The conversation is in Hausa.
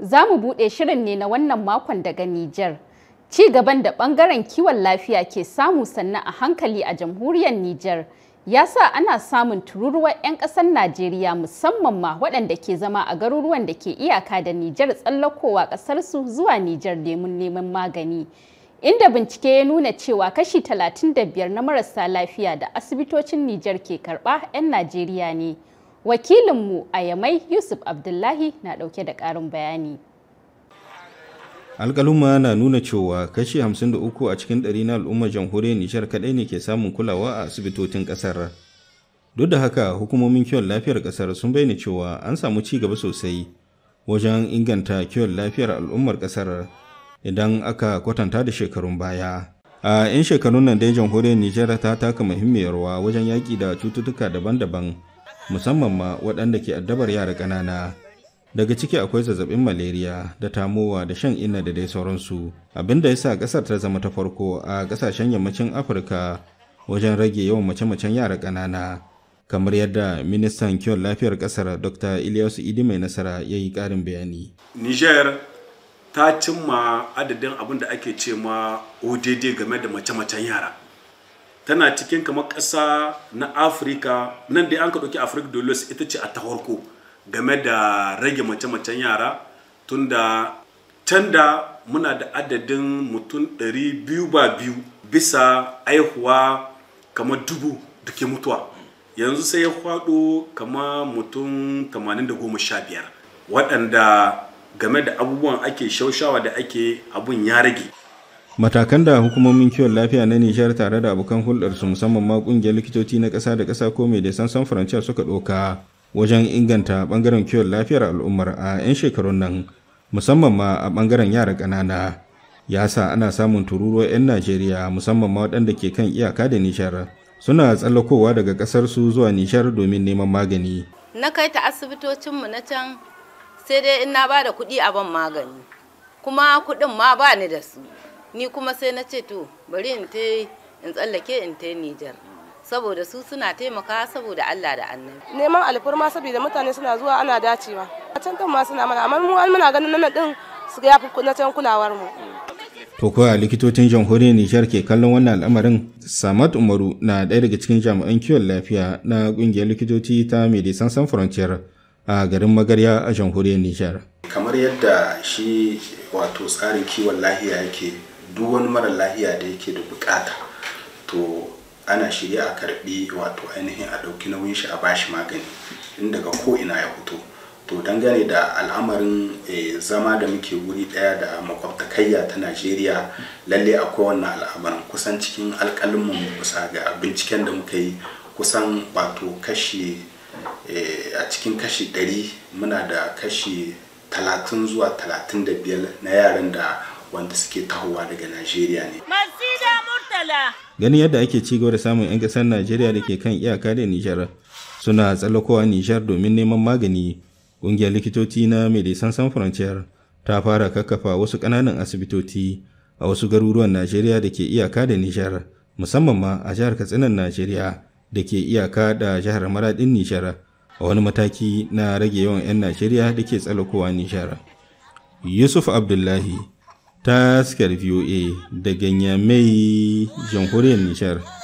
za mu buɗe shirin ne na wannan makon daga Nijar. Ci gaban da ɓangaren kiwon lafiya ke samu sannan a hankali a jamhuriyar Nijar ya sa ana samun tururuwar 'yan ƙasar Najeriya musamman ma waɗanda ke zama a garuruwan da ke iyaka da Nijar tsallakowa ƙasarsu zuwa Nijar neman neman magani. Inda bincike ya nuna cewa kashi 35 na marasa lafiya da asibitocin Nijar ke karɓa 'yan Najeriya ne. Wakilinmu a Yamai Yusuf Abdullahi na ɗauke da ƙarin bayani. alkaluma na nuna cewa kashi 53 a cikin ɗari na al'ummar jamhuriyar nijar kaɗai ne ke samun kulawa a asibitocin ƙasar duk da haka hukumomin kiwon lafiyar ƙasar sun bayyana cewa an samu ci gaba sosai wajen inganta kiwon lafiyar al'ummar ƙasar idan aka kwatanta da shekarun baya a 'yan shekarun nan dai jamhuriyar nijar ta taka muhimmiyar rawa wajen yaƙi da cututtuka daban-daban musamman ma waɗanda ke addabar yara ƙanana daga ciki akwai zazzabin malaria da tamowa da shan inna da dai sauransu abin da ya sa ƙasar ta zama ta farko a ƙasashen yammacin afirka wajen rage yawan mace-macen yara ƙanana kamar yadda ministan kiwon lafiyar ƙasar dr ilyas idi mai nasara ya yi ƙarin bayani niger ta cimma adadin abin da ake ce ma odd game da mace-macen yara tana cikin kamar ƙasa na afirka nan dai an ka ɗauki afirka dolos ita ce a ta farko game da rage mace-macen yara tunda can da muna da adadin mutum 200 ba biyu bisa aihuwa kama dubu da ke mutuwa yanzu sai ya kwado kama mutum biyar. waɗanda game da abubuwan ake shaushawa da ake abun ya rage matakan da hukumomin kiwon lafiya na nijar tare da abokan hulɗarsu musamman ma ƙungiyar likitoci na ƙasa da ƙasa ko mai da sansan faransa suka ɗauka wajen inganta ɓangaren kiwon lafiyar al'ummar a 'yan shekarun nan musamman ma a ɓangaren yara ƙanana ya sa ana samun tururuwan 'yan najeriya musamman ma waɗanda ke kan iyaka da nishar suna tsallakowa daga su zuwa nishar domin neman magani na kai ta asibitocin mu na can sai dai in na ba da kuɗi a ban magani kuma kuɗin ma ba ni da su ni kuma sai na ce to bari in ta in tsallake in ta Nijar saboda su suna taimaka saboda Allah da annabi neman alfarma saboda mutane suna zuwa ana dacewa a can kan ma suna mana amma mu an muna ganin nan din su ga yafi na can kulawar mu to koya likitocin jamhuriyar Nijar ke kallon wannan al'amarin Samat Umaru na ɗaya daga cikin jami'an kiwon lafiya na ƙungiyar likitoci ta Medecins Sans Frontier a garin Magarya a jamhuriyar Nijar kamar yadda shi wato tsarin kiwon lafiya yake duk wani mara lahiya da yake da bukata to ana shirya a karbi wato ainihin a dauki nauyin shi a bashi magani in daga ko ina ya fito to dangane da al'amarin eh, zama da muke wuri daya da makwabtakayya ta najeriya lalle akwai wannan al'amarin kusan cikin alƙalinmu kusa ga binciken da muka yi kusan wato kashi eh, a cikin kashi 100 muna da kashi 30 zuwa 35 na yaran da wanda suke tahowa daga Najeriya ne. Masida Murtala. Ganin yadda ake ci gaba da samun 'yan ƙasar Najeriya da ke kan iyaka da Nijar suna tsallakowa Nijar domin neman magani. Ƙungiyar likitoci na Medecins Sans Frontier ta fara kakkafa wasu ƙananan asibitoci a wasu garuruwan Najeriya da ke iyaka da Nijar, musamman ma a jihar Katsinan Najeriya da ke iyaka da jihar Maradin Nijar. a wani mataki na rage yawan 'yan Najeriya da ke tsallakowa Nijar. Yusuf Abdullahi ta askar voa daga nyamai jamhuriyar nishar